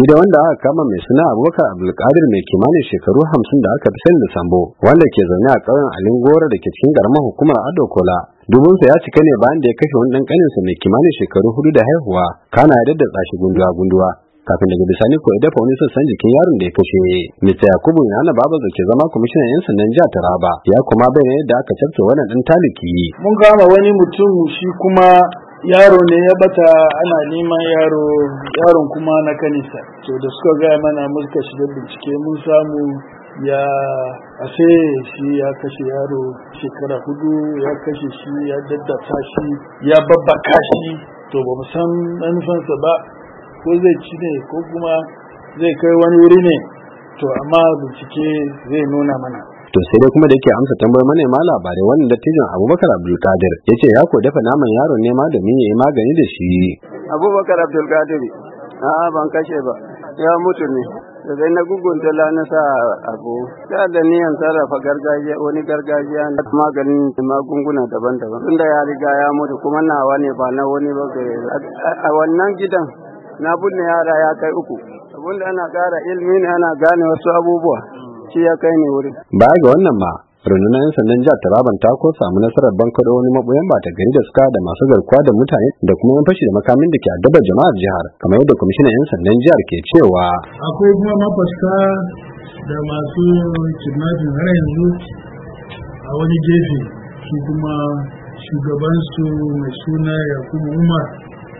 shi da wanda aka kama mai suna abubakar abdulkadir mai kimanin shekaru hamsin da aka fi sani da sambo wanda ke zaune a ƙauyen alingora da ke cikin garman hukumar Kola, dubunsa ya cika ne bayan da ya kashe wani ɗan ƙaninsa mai kimanin shekaru hudu da haihuwa kana ya daddatsa shi gunduwa gunduwa kafin daga bisani ko dafa wani san jikin yaron da ya kashe Mista Yakubu ya na babu zake zama kwamishinan yan sandan jihar Taraba ya kuma bayyana yadda aka cafke wannan dan taliki mun kama wani mutum shi kuma yaro ne ya bata ana neman yaro yaron kuma na kanisa to da suka gaya mana muka shiga bincike mun samu ya ashe shi ya kashe yaro shekara hudu ya kashe shi ya daddasa shi ya babbaka shi to ba mu san manufansa ba ko zai ci ne ko kuma zai kai wani wuri ne to amma bincike zai nuna mana to sai dai kuma da yake amsa tambayar manema labarai wannan dattijan abubakar abdulkadir ya ce ya ko dafa naman yaron ne ma domin ya yi magani da shi abubakar abdulkadir a'a ban kashe ba ya mutu ne da dai na gugunta lana sa abu ta da niyan sarrafa gargajiya wani gargajiya na maganin magunguna daban-daban tunda ya riga ya mutu kuma nawa ne ba na wani ba ga a wannan gidan na bunne yara ya kai uku abinda ana kara ilmi ne ana gane wasu abubuwa ce ya kai ni wurin baya ga wannan ma rundunar 'yan sandan jihar taraban ta ko samu nasarar bankaɗo wani maɓoyan ta gari da suka da masu garkuwa da mutane da kuma yan fashi da makamin da ke addabar jama'ar jihar kamar yadda kwamishinan 'yan sandan jihar ke cewa akwai kuma mafaska da masu kidnapping har yanzu a wani gefe su kuma shugabansu mai suna ya kuma umar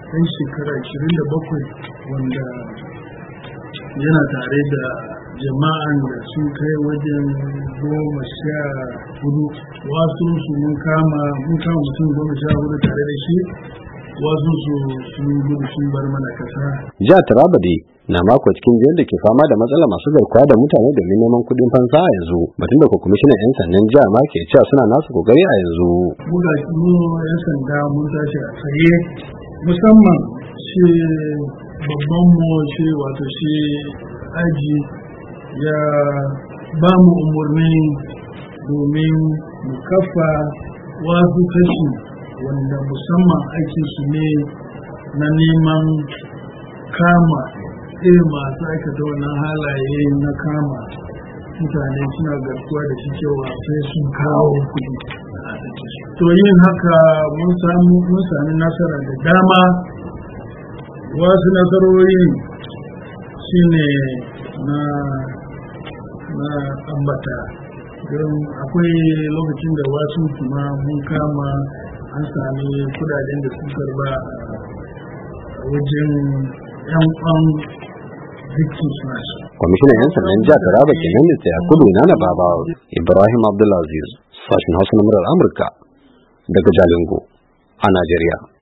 ɗan shekara 27 wanda yana tare da jama'an da sun kai wajen goma sha hudu wasu su mun kama mun kama mutum goma sha hudu tare da shi wasu su sun gudu sun bar mana kasa. Ja Tarabade na mako cikin jiyar da ke fama da matsala masu garkuwa da mutane domin neman kuɗin fansa a yanzu batun da kwamishinan 'yan sandan jiya ma ke cewa suna nasu kokari a yanzu. Muna mu 'yan sanda mun tashi a tsaye musamman shi babban mu shi wato shi aji ya ba mu umarni domin mu kafa wasu kashi wanda musamman aikin su ne na neman kama irin masu aikata wannan halaye na kama mutane suna garkuwa da shi cewa sai sun kawo kuɗi to yin haka mun sami nasara da dama wasu nasarori shine na na ambata don akwai lokacin da wasu kuma mun kama an sami kudaden da su karba a wajen yan kwan kwamishinan 'yan sandan jihar taraba da mista yakubu na baba ibrahim abdulaziz sashen hausa na murar amurka daga jalingo a najeriya